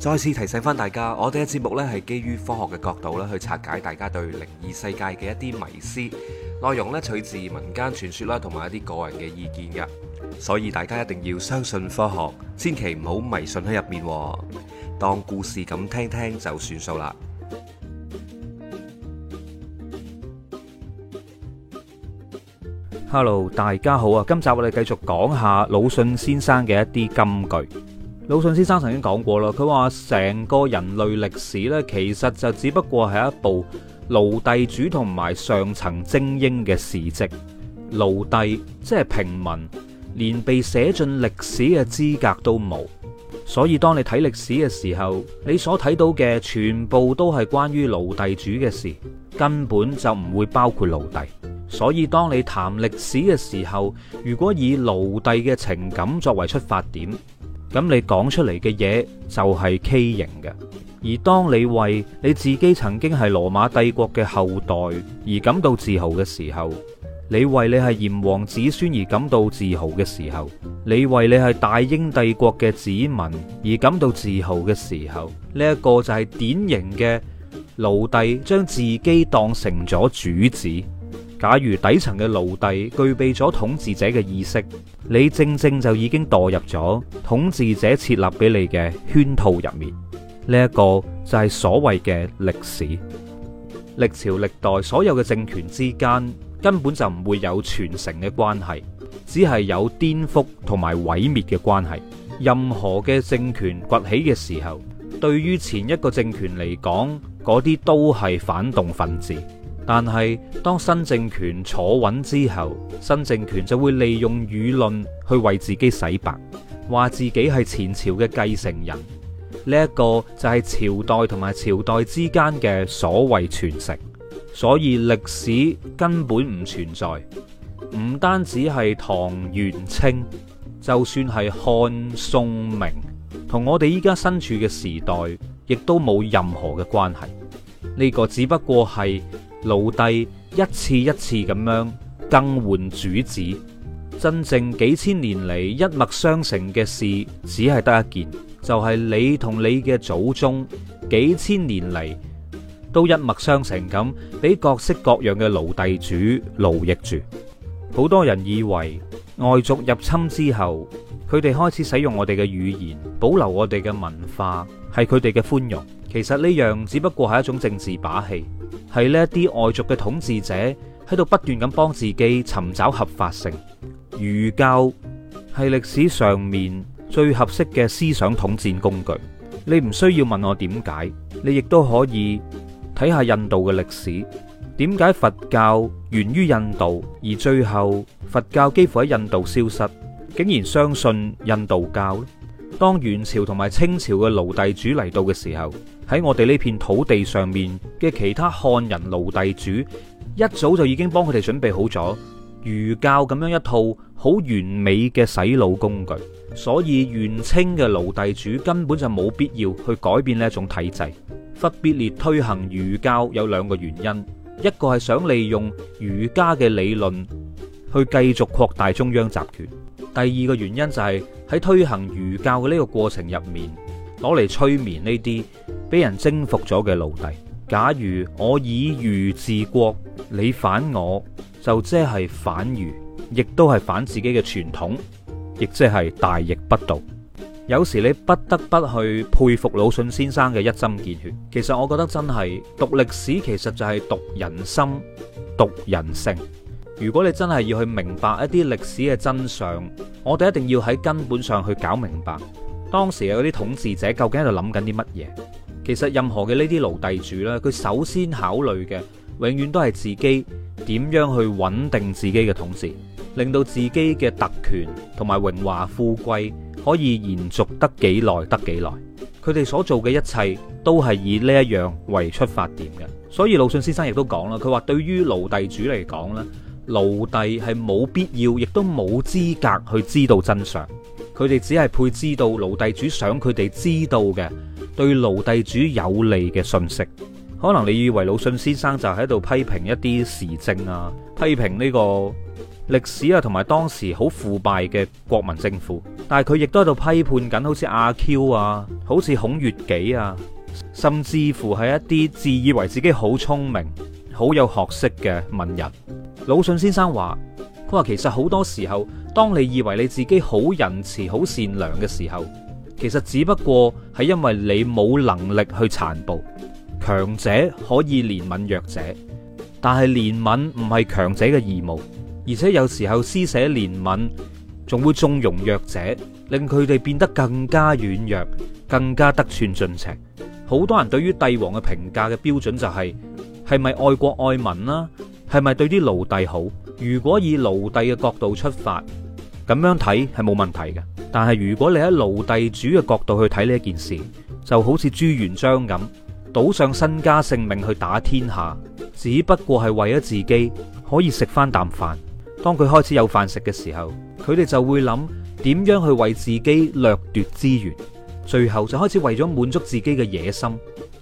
再次提醒翻大家，我哋嘅節目呢係基於科學嘅角度呢去拆解大家對靈異世界嘅一啲迷思，內容呢取自民間傳說啦，同埋一啲個人嘅意見嘅，所以大家一定要相信科學，千祈唔好迷信喺入面，當故事咁聽聽就算數啦。Hello，大家好啊！今集我哋繼續講下魯迅先生嘅一啲金句。魯迅先生曾經講過啦，佢話成個人類歷史呢，其實就只不過係一部奴隸主同埋上層精英嘅事蹟。奴隸即係平民，連被寫進歷史嘅資格都冇。所以當你睇歷史嘅時候，你所睇到嘅全部都係關於奴隸主嘅事，根本就唔會包括奴隸。所以當你談歷史嘅時候，如果以奴隸嘅情感作為出發點，咁你講出嚟嘅嘢就係畸形嘅。而當你為你自己曾經係羅馬帝國嘅後代而感到自豪嘅時候，你為你係炎黃子孫而感到自豪嘅時候，你為你係大英帝國嘅子民而感到自豪嘅時候，呢一個就係典型嘅奴隸將自己當成咗主子。假如底層嘅奴隸具備咗統治者嘅意識，你正正就已經墮入咗統治者設立俾你嘅圈套入面。呢一個就係所謂嘅歷史，歷朝歷代所有嘅政權之間根本就唔會有傳承嘅關係，只係有顛覆同埋毀滅嘅關係。任何嘅政權崛起嘅時候，對於前一個政權嚟講，嗰啲都係反動分子。但係，當新政權坐穩之後，新政權就會利用輿論去為自己洗白，話自己係前朝嘅繼承人。呢一個就係朝代同埋朝代之間嘅所謂傳承，所以歷史根本唔存在。唔單止係唐、元、清，就算係漢、宋、明，同我哋依家身處嘅時代，亦都冇任何嘅關係。呢個只不過係。奴隸一次一次咁樣更換主子，真正幾千年嚟，一脈相承嘅事，只係得一件，就係、是、你同你嘅祖宗幾千年嚟都一脈相承咁，俾各式各樣嘅奴隸主奴役住。好多人以為外族入侵之後，佢哋開始使用我哋嘅語言，保留我哋嘅文化，係佢哋嘅寬容。其實呢樣只不過係一種政治把戲。係呢啲外族嘅統治者喺度不斷咁幫自己尋找合法性。儒教係歷史上面最合適嘅思想統戰工具。你唔需要問我點解，你亦都可以睇下印度嘅歷史，點解佛教源於印度，而最後佛教幾乎喺印度消失，竟然相信印度教咧？當元朝同埋清朝嘅奴隸主嚟到嘅時候，喺我哋呢片土地上面嘅其他漢人奴隸主，一早就已經幫佢哋準備好咗儒教咁樣一套好完美嘅洗腦工具，所以元清嘅奴隸主根本就冇必要去改變呢一種體制。忽必烈推行儒教有兩個原因，一個係想利用儒家嘅理論去繼續擴大中央集權，第二個原因就係、是、喺推行儒教嘅呢個過程入面。攞嚟催眠呢啲俾人征服咗嘅奴隸。假如我以儒治國，你反我，就即係反儒，亦都係反自己嘅傳統，亦即係大逆不道。有時你不得不去佩服魯迅先生嘅一針見血。其實我覺得真係讀歷史，其實就係讀人心、讀人性。如果你真係要去明白一啲歷史嘅真相，我哋一定要喺根本上去搞明白。當時嗰啲統治者究竟喺度諗緊啲乜嘢？其實任何嘅呢啲奴隸主呢，佢首先考慮嘅永遠都係自己點樣去穩定自己嘅統治，令到自己嘅特權同埋榮華富貴可以延續得幾耐得幾耐。佢哋所做嘅一切都係以呢一樣為出發點嘅。所以魯迅先生亦都講啦，佢話對於奴隸主嚟講呢，奴隸係冇必要，亦都冇資格去知道真相。佢哋只係配知道奴隸主想佢哋知道嘅、對奴隸主有利嘅信息。可能你以為魯迅先生就喺度批評一啲時政啊，批評呢個歷史啊，同埋當時好腐敗嘅國民政府。但係佢亦都喺度批判緊，好似阿 Q 啊，好似孔乙己啊，甚至乎係一啲自以為自己好聰明、好有學識嘅文人。魯迅先生話。不過其實好多時候，當你以為你自己好仁慈、好善良嘅時候，其實只不過係因為你冇能力去殘暴。強者可以憐憫弱者，但係憐憫唔係強者嘅義務，而且有時候施捨憐憫仲會縱容弱者，令佢哋變得更加軟弱、更加得寸進尺。好多人對於帝王嘅評價嘅標準就係、是，係咪愛國愛民啦、啊，係咪對啲奴隸好？如果以奴隸嘅角度出發，咁樣睇係冇問題嘅。但係如果你喺奴隸主嘅角度去睇呢件事，就好似朱元璋咁，賭上身家性命去打天下，只不過係為咗自己可以食返啖飯。當佢開始有飯食嘅時候，佢哋就會諗點樣去為自己掠奪資源，最後就開始為咗滿足自己嘅野心。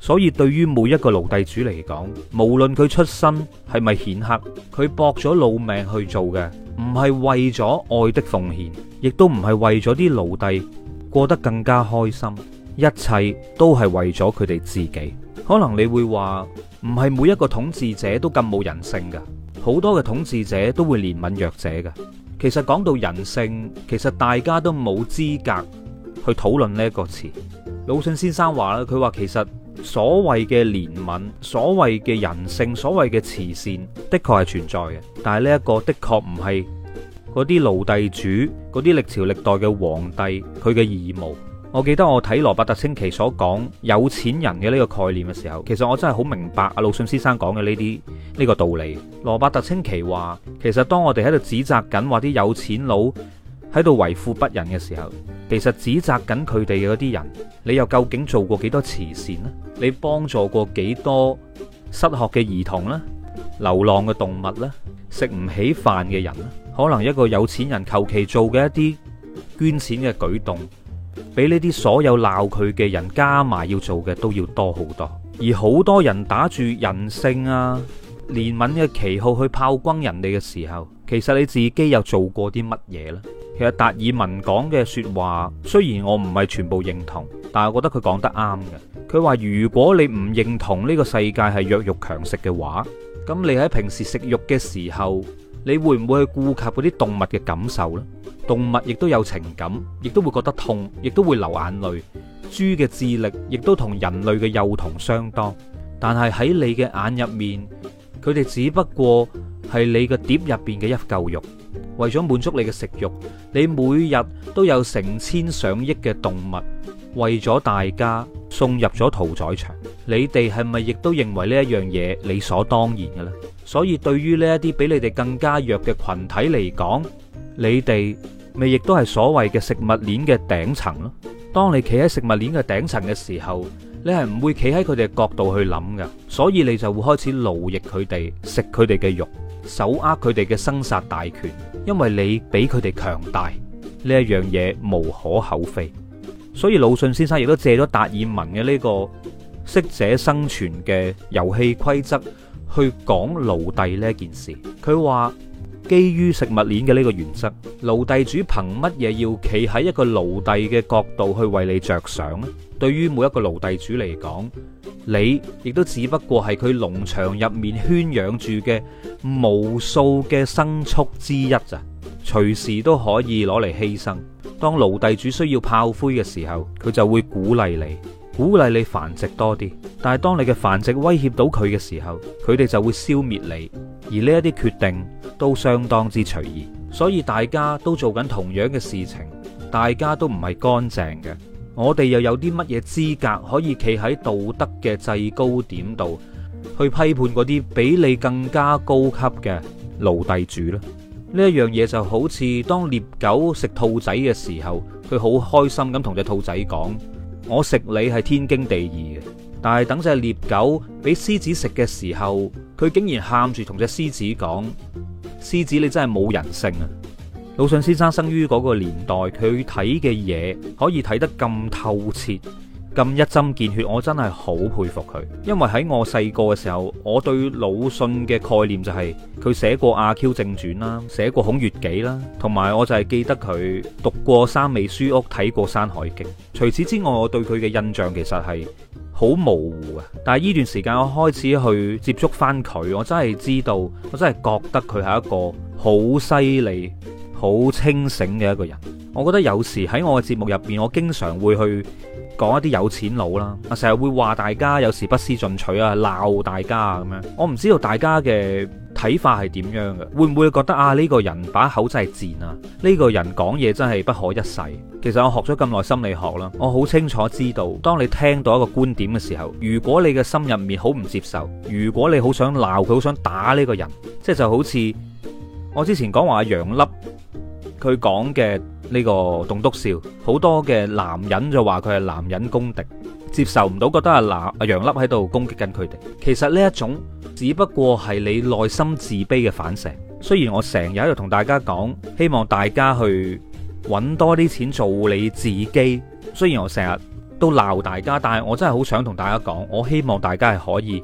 所以對於每一個奴隸主嚟講，無論佢出身係咪顯赫，佢搏咗老命去做嘅，唔係為咗愛的奉獻，亦都唔係為咗啲奴隸過得更加開心，一切都係為咗佢哋自己。可能你會話，唔係每一個統治者都咁冇人性㗎，好多嘅統治者都會憐憫弱者㗎。其實講到人性，其實大家都冇資格去討論呢一個詞。魯迅先生話啦，佢話其實。所謂嘅憐憫，所謂嘅人性，所謂嘅慈善，的確係存在嘅。但係呢一個的確唔係嗰啲奴隸主，嗰啲歷朝歷代嘅皇帝，佢嘅義務。我記得我睇羅伯特清奇所講有錢人嘅呢個概念嘅時候，其實我真係好明白阿魯迅先生講嘅呢啲呢個道理。羅伯特清奇話，其實當我哋喺度指責緊話啲有錢佬，喺度為富不仁嘅時候，其實指責緊佢哋嘅嗰啲人，你又究竟做過幾多慈善呢？你幫助過幾多失學嘅兒童啦、流浪嘅動物啦、食唔起飯嘅人啦？可能一個有錢人求其做嘅一啲捐錢嘅舉動，比呢啲所有鬧佢嘅人加埋要做嘅都要多好多。而好多人打住人性啊、憐憫嘅旗號去炮轟人哋嘅時候，其實你自己又做過啲乜嘢呢？其實達爾文講嘅說話，雖然我唔係全部認同，但係我覺得佢講得啱嘅。佢話如果你唔認同呢個世界係弱肉強食嘅話，咁你喺平時食肉嘅時候，你會唔會去顧及嗰啲動物嘅感受呢？動物亦都有情感，亦都會覺得痛，亦都會流眼淚。豬嘅智力亦都同人類嘅幼童相當，但係喺你嘅眼入面，佢哋只不過係你嘅碟入邊嘅一嚿肉。為咗滿足你嘅食慾，你每日都有成千上億嘅動物為咗大家送入咗屠宰場，你哋係咪亦都認為呢一樣嘢理所當然嘅咧？所以對於呢一啲比你哋更加弱嘅群體嚟講，你哋咪亦都係所謂嘅食物鏈嘅頂層咯。當你企喺食物鏈嘅頂層嘅時候，你係唔會企喺佢哋嘅角度去諗㗎，所以你就會開始勞役佢哋，食佢哋嘅肉。手握佢哋嘅生殺大權，因為你比佢哋強大，呢一樣嘢無可厚非。所以魯迅先生亦都借咗達爾文嘅呢個適者生存嘅遊戲規則去講奴隸呢一件事。佢話基於食物鏈嘅呢個原則，奴隸主憑乜嘢要企喺一個奴隸嘅角度去為你着想呢？對於每一個奴隸主嚟講。你亦都只不過係佢農場入面圈養住嘅無數嘅牲畜之一咋，隨時都可以攞嚟犧牲。當奴隸主需要炮灰嘅時候，佢就會鼓勵你，鼓勵你繁殖多啲。但係當你嘅繁殖威脅到佢嘅時候，佢哋就會消滅你。而呢一啲決定都相當之隨意，所以大家都做緊同樣嘅事情，大家都唔係乾淨嘅。我哋又有啲乜嘢資格可以企喺道德嘅制高點度去批判嗰啲比你更加高級嘅奴隸主呢？呢一樣嘢就好似當獵狗食兔仔嘅時候，佢好開心咁同隻兔仔講：我食你係天經地義嘅。但係等隻獵狗俾獅子食嘅時候，佢竟然喊住同隻獅子講：獅子你真係冇人性啊！魯迅先生生於嗰個年代，佢睇嘅嘢可以睇得咁透徹，咁一針見血，我真係好佩服佢。因為喺我細個嘅時候，我對魯迅嘅概念就係、是、佢寫過阿 Q 正傳啦，寫過孔乙己啦，同埋我就係記得佢讀過三味書屋，睇過山海經。除此之外，我對佢嘅印象其實係好模糊啊。但係呢段時間我開始去接觸翻佢，我真係知道，我真係覺得佢係一個好犀利。好清醒嘅一個人，我覺得有時喺我嘅節目入邊，我經常會去講一啲有錢佬啦，成日會話大家有時不思進取啊，鬧大家啊咁樣。我唔知道大家嘅睇法係點樣嘅，會唔會覺得啊呢個人把口真係賤啊，呢個人講嘢真係不可一世。其實我學咗咁耐心理學啦，我好清楚知道，當你聽到一個觀點嘅時候，如果你嘅心入面好唔接受，如果你好想鬧佢，好想打呢個人，即係就好似。我之前講話阿楊笠，佢講嘅呢個棟篤笑，好多嘅男人就話佢係男人公敵，接受唔到，覺得阿男阿楊笠喺度攻擊緊佢哋。其實呢一種只不過係你內心自卑嘅反射。雖然我成日喺度同大家講，希望大家去揾多啲錢做你自己。雖然我成日都鬧大家，但係我真係好想同大家講，我希望大家係可以。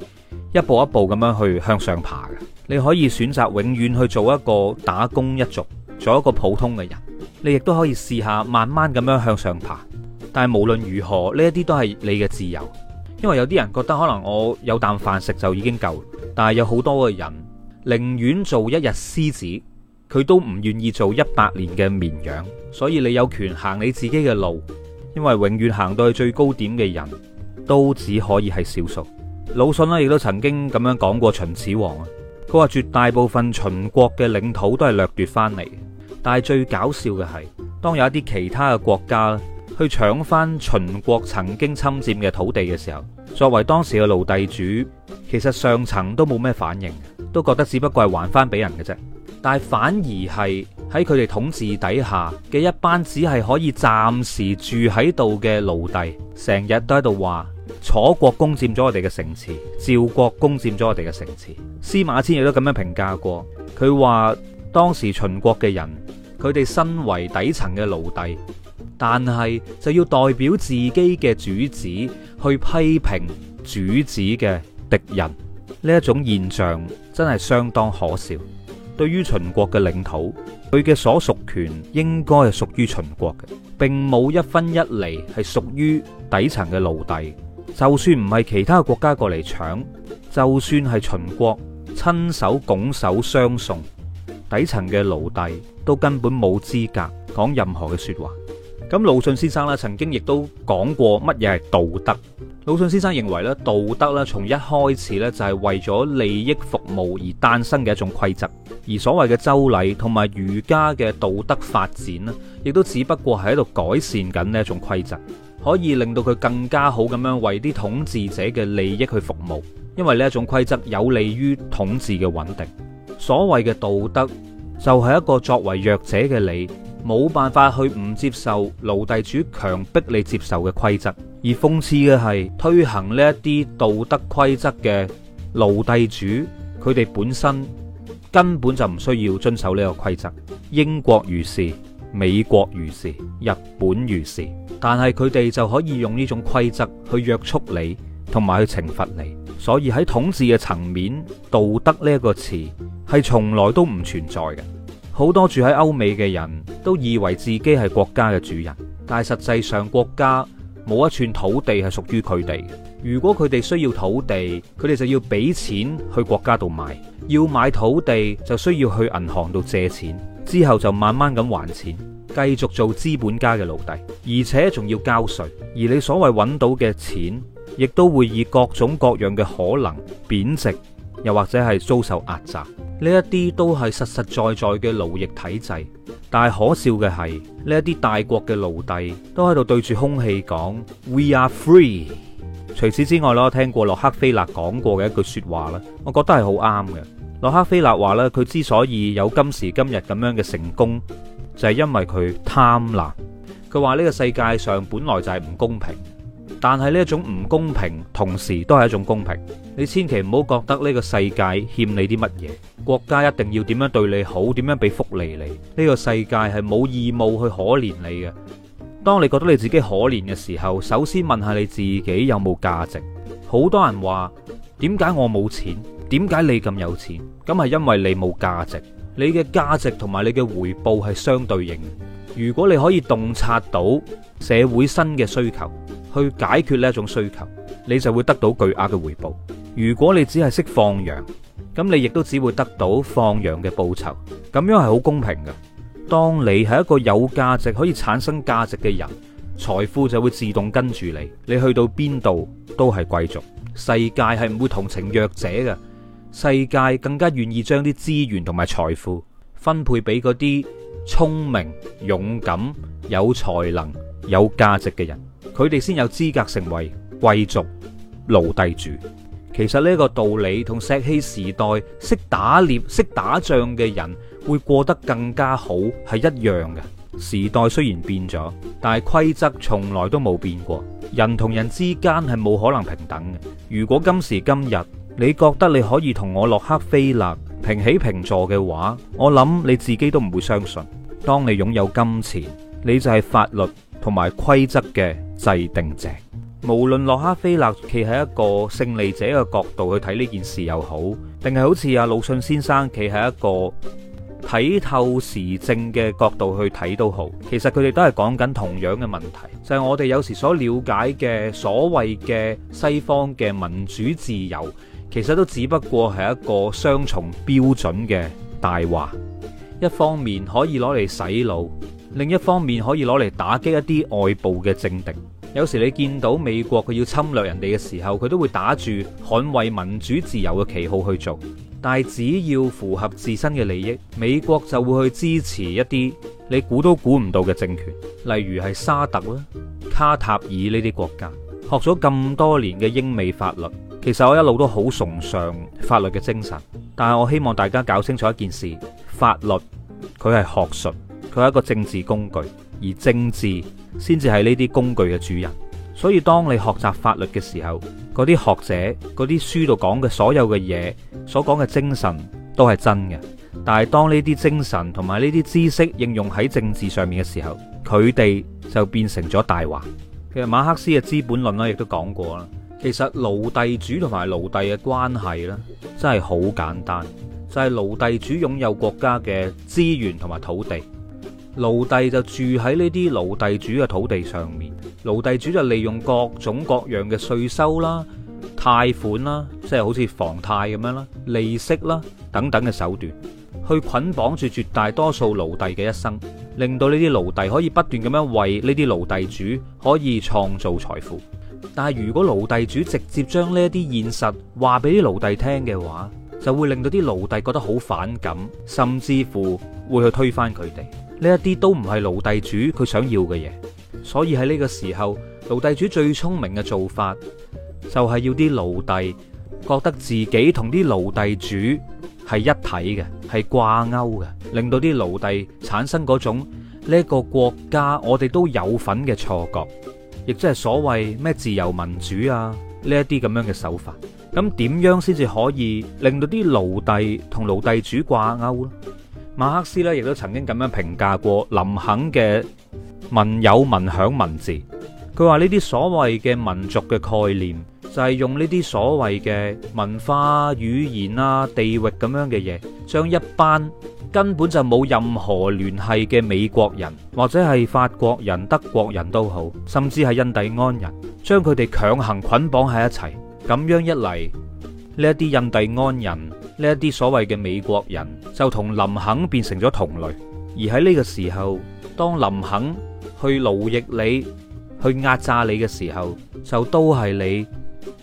一步一步咁樣去向上爬嘅，你可以選擇永遠去做一個打工一族，做一個普通嘅人。你亦都可以試下慢慢咁樣向上爬。但係無論如何，呢一啲都係你嘅自由。因為有啲人覺得可能我有啖飯食就已經夠，但係有好多嘅人寧願做一日獅子，佢都唔願意做一百年嘅綿羊。所以你有權行你自己嘅路，因為永遠行到去最高點嘅人都只可以係少數。魯迅咧亦都曾經咁樣講過秦始皇啊，佢話，絕大部分秦國嘅領土都係掠奪翻嚟，但係最搞笑嘅係，當有一啲其他嘅國家去搶翻秦國曾經侵佔嘅土地嘅時候，作為當時嘅奴隸主，其實上層都冇咩反應，都覺得只不過係還翻俾人嘅啫，但係反而係喺佢哋統治底下嘅一班只係可以暫時住喺度嘅奴隸，成日都喺度話。楚國攻佔咗我哋嘅城池，趙國攻佔咗我哋嘅城池。司馬遷亦都咁樣評價過，佢話當時秦國嘅人，佢哋身為底層嘅奴隸，但係就要代表自己嘅主子去批評主子嘅敵人，呢一種現象真係相當可笑。對於秦國嘅領土，佢嘅所屬權應該係屬於秦國嘅，並冇一分一厘係屬於底層嘅奴隸。就算唔係其他國家過嚟搶，就算係秦國親手拱手相送，底層嘅奴隸都根本冇資格講任何嘅說話。咁魯迅先生啦，曾經亦都講過乜嘢係道德。魯迅先生認為咧，道德咧從一開始咧就係為咗利益服務而誕生嘅一種規則，而所謂嘅周禮同埋儒家嘅道德發展咧，亦都只不過係喺度改善緊呢一種規則。可以令到佢更加好咁樣為啲統治者嘅利益去服務，因為呢一種規則有利於統治嘅穩定。所謂嘅道德就係一個作為弱者嘅你，冇辦法去唔接受奴隸主強迫你接受嘅規則。而諷刺嘅係推行呢一啲道德規則嘅奴隸主，佢哋本身根本就唔需要遵守呢個規則。英國如是。美國如是，日本如是，但係佢哋就可以用呢種規則去約束你，同埋去懲罰你。所以喺統治嘅層面，道德呢個詞係從來都唔存在嘅。好多住喺歐美嘅人都以為自己係國家嘅主人，但係實際上國家冇一寸土地係屬於佢哋。如果佢哋需要土地，佢哋就要俾錢去國家度買。要買土地就需要去銀行度借錢，之後就慢慢咁還錢，繼續做資本家嘅奴隸，而且仲要交稅。而你所謂揾到嘅錢，亦都會以各種各樣嘅可能貶值，又或者係遭受壓榨。呢一啲都係實實在在嘅奴役體制。但係可笑嘅係，呢一啲大國嘅奴隸都喺度對住空氣講：We are free。除此之外咯，聽過洛克菲勒講過嘅一句說話啦，我覺得係好啱嘅。洛克菲勒話咧，佢之所以有今時今日咁樣嘅成功，就係因為佢貪婪。佢話呢個世界上本來就係唔公平，但係呢一種唔公平，同時都係一種公平。你千祈唔好覺得呢個世界欠你啲乜嘢，國家一定要點樣對你好，點樣俾福利你？呢個世界係冇義務去可憐你嘅。當你覺得你自己可憐嘅時候，首先問下你自己有冇價值。好多人話：點解我冇錢？點解你咁有錢？咁係因為你冇價值。你嘅價值同埋你嘅回報係相對應。如果你可以洞察到社會新嘅需求，去解決呢一種需求，你就會得到巨額嘅回報。如果你只係識放羊，咁你亦都只會得到放羊嘅報酬。咁樣係好公平嘅。當你係一個有價值、可以產生價值嘅人，財富就會自動跟住你。你去到邊度都係貴族。世界係唔會同情弱者嘅，世界更加願意將啲資源同埋財富分配俾嗰啲聰明、勇敢、有才能、有價值嘅人，佢哋先有資格成為貴族、奴隸主。其實呢個道理同石器時代識打獵、識打仗嘅人會過得更加好係一樣嘅。時代雖然變咗，但係規則從來都冇變過。人同人之間係冇可能平等嘅。如果今時今日你覺得你可以同我洛克菲勒平起平坐嘅話，我諗你自己都唔會相信。當你擁有金錢，你就係法律同埋規則嘅制定者。無論洛克菲勒企喺一個勝利者嘅角度去睇呢件事又好，定係好似阿魯迅先生企喺一個睇透時政嘅角度去睇都好，其實佢哋都係講緊同樣嘅問題，就係我哋有時所了解嘅所謂嘅西方嘅民主自由，其實都只不過係一個雙重標準嘅大話，一方面可以攞嚟洗腦，另一方面可以攞嚟打擊一啲外部嘅政敵。有時你見到美國佢要侵略人哋嘅時候，佢都會打住捍衛民主自由嘅旗號去做，但係只要符合自身嘅利益，美國就會去支持一啲你估都估唔到嘅政權，例如係沙特啦、卡塔爾呢啲國家。學咗咁多年嘅英美法律，其實我一路都好崇尚法律嘅精神，但係我希望大家搞清楚一件事：法律，佢係學術，佢係一個政治工具，而政治。先至係呢啲工具嘅主人，所以當你學習法律嘅時候，嗰啲學者、嗰啲書度講嘅所有嘅嘢，所講嘅精神都係真嘅。但係當呢啲精神同埋呢啲知識應用喺政治上面嘅時候，佢哋就變成咗大話。其實馬克思嘅《資本論》啦，亦都講過啦，其實奴隸主同埋奴隸嘅關係咧，真係好簡單，就係奴隸主擁有國家嘅資源同埋土地。奴隸就住喺呢啲奴隸主嘅土地上面，奴隸主就利用各種各樣嘅稅收啦、貸款啦，即係好似房貸咁樣啦、利息啦等等嘅手段，去捆綁住絕大多數奴隸嘅一生，令到呢啲奴隸可以不斷咁樣為呢啲奴隸主可以創造財富。但係如果奴隸主直接將呢啲現實話俾啲奴隸聽嘅話，就會令到啲奴隸覺得好反感，甚至乎會去推翻佢哋。呢一啲都唔係奴隸主佢想要嘅嘢，所以喺呢個時候，奴隸主最聰明嘅做法就係要啲奴隸覺得自己同啲奴隸主係一體嘅，係掛鈎嘅，令到啲奴隸產生嗰種呢個國家我哋都有份嘅錯覺，亦即係所謂咩自由民主啊呢一啲咁樣嘅手法。咁點樣先至可以令到啲奴隸同奴隸主掛鈎呢？馬克思咧，亦都曾經咁樣評價過林肯嘅民有民享文字。佢話：呢啲所謂嘅民族嘅概念，就係用呢啲所謂嘅文化語言啊、地域咁樣嘅嘢，將一班根本就冇任何聯繫嘅美國人，或者係法國人、德國人都好，甚至係印第安人，將佢哋強行捆綁喺一齊。咁樣一嚟，呢一啲印第安人，呢一啲所謂嘅美國人就同林肯變成咗同類，而喺呢個時候，當林肯去奴役你、去壓榨你嘅時候，就都係你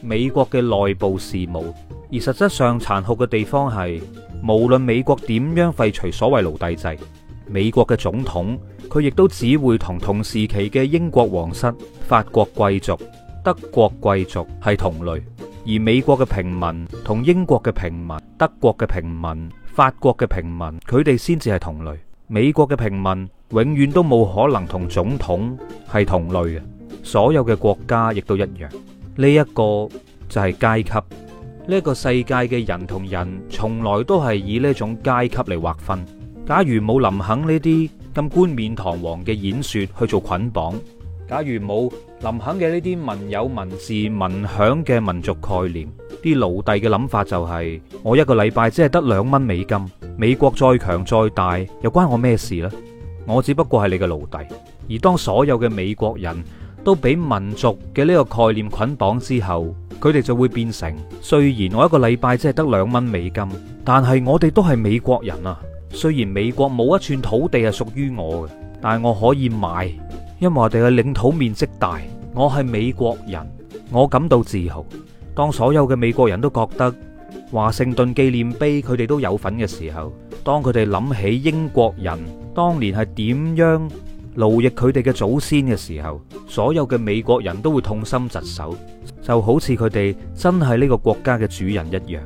美國嘅內部事務。而實質上殘酷嘅地方係，無論美國點樣廢除所謂奴隸制，美國嘅總統佢亦都只會同同時期嘅英國皇室、法國貴族、德國貴族係同類。而美國嘅平民同英國嘅平民、德國嘅平民、法國嘅平民，佢哋先至係同類。美國嘅平民永遠都冇可能同總統係同類嘅。所有嘅國家亦都一樣。呢一個就係階級。呢個世界嘅人同人，從來都係以呢種階級嚟劃分。假如冇林肯呢啲咁冠冕堂皇嘅演說去做捆綁，假如冇林肯嘅呢啲民有、民治、民享嘅民族概念，啲奴隸嘅諗法就係：我一個禮拜只係得兩蚊美金，美國再強再大又關我咩事呢？我只不過係你嘅奴隸。而當所有嘅美國人都俾民族嘅呢個概念捆綁之後，佢哋就會變成：雖然我一個禮拜只係得兩蚊美金，但係我哋都係美國人啊！雖然美國冇一寸土地係屬於我嘅，但係我可以買。因為我哋嘅領土面積大，我係美國人，我感到自豪。當所有嘅美國人都覺得華盛頓紀念碑佢哋都有份嘅時候，當佢哋諗起英國人當年係點樣奴役佢哋嘅祖先嘅時候，所有嘅美國人都會痛心疾首，就好似佢哋真係呢個國家嘅主人一樣。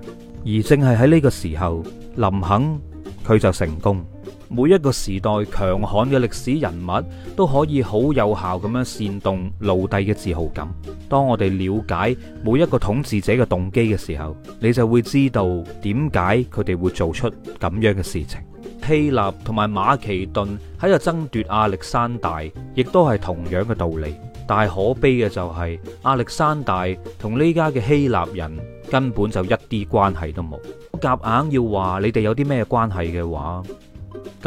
而正係喺呢個時候，林肯佢就成功。每一個時代強悍嘅歷史人物都可以好有效咁樣煽動奴隸嘅自豪感。當我哋了解每一個統治者嘅動機嘅時候，你就會知道點解佢哋會做出咁樣嘅事情。希臘同埋馬其頓喺度爭奪亞歷山大，亦都係同樣嘅道理。但係可悲嘅就係亞歷山大同呢家嘅希臘人根本就一啲關係都冇，夾硬要話你哋有啲咩關係嘅話。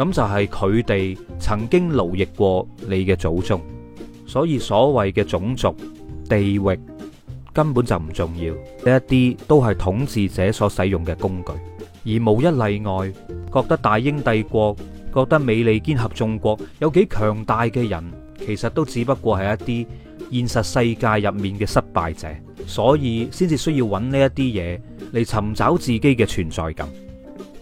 咁就係佢哋曾經奴役過你嘅祖宗，所以所謂嘅種族、地域根本就唔重要，呢一啲都係統治者所使用嘅工具，而無一例外。覺得大英帝國、覺得美利堅合眾國有幾強大嘅人，其實都只不過係一啲現實世界入面嘅失敗者，所以先至需要揾呢一啲嘢嚟尋找自己嘅存在感。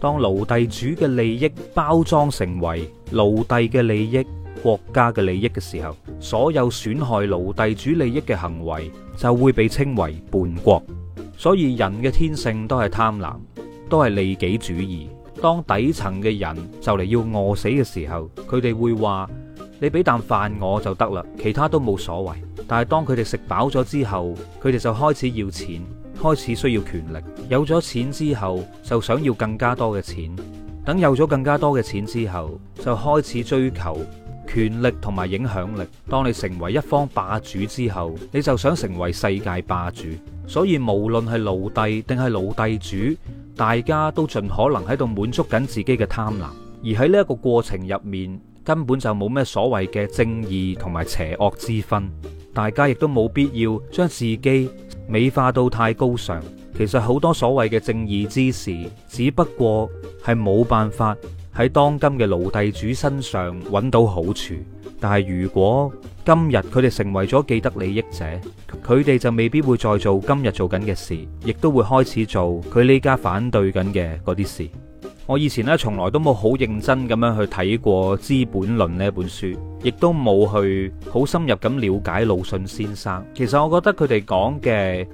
當奴隸主嘅利益包裝成為奴隸嘅利益，國家嘅利益嘅時候，所有損害奴隸主利益嘅行為就會被稱為叛國。所以人嘅天性都係貪婪，都係利己主義。當底層嘅人就嚟要餓死嘅時候，佢哋會話：你俾啖飯我就得啦，其他都冇所謂。但係當佢哋食飽咗之後，佢哋就開始要錢。開始需要權力，有咗錢之後就想要更加多嘅錢，等有咗更加多嘅錢之後就開始追求權力同埋影響力。當你成為一方霸主之後，你就想成為世界霸主。所以無論係奴隸定係奴隸主，大家都盡可能喺度滿足緊自己嘅貪婪。而喺呢一個過程入面，根本就冇咩所謂嘅正義同埋邪惡之分。大家亦都冇必要將自己美化到太高尚，其實好多所謂嘅正義之士，只不過係冇辦法喺當今嘅奴隸主身上揾到好處。但係如果今日佢哋成為咗既得利益者，佢哋就未必會再做今日做緊嘅事，亦都會開始做佢呢家反對緊嘅嗰啲事。我以前咧，從來都冇好認真咁樣去睇過《資本論》呢本書，亦都冇去好深入咁了解魯迅先生。其實我覺得佢哋講嘅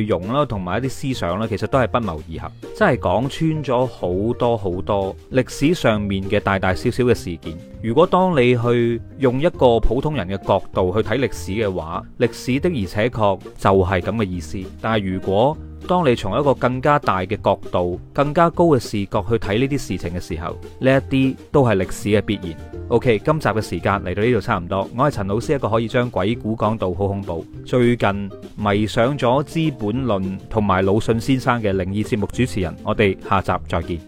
內容啦，同埋一啲思想啦，其實都係不謀而合，真係講穿咗好多好多歷史上面嘅大大小小嘅事件。如果當你去用一個普通人嘅角度去睇歷史嘅話，歷史的而且確就係咁嘅意思。但係如果當你從一個更加大嘅角度，更加高嘅視角去睇呢啲事情嘅時候，呢一啲都係歷史嘅必然。OK，今集嘅時間嚟到呢度差唔多，我係陳老師一個可以將鬼故講到好恐怖，最近迷上咗《資本論》同埋魯迅先生嘅靈異節目主持人，我哋下集再見。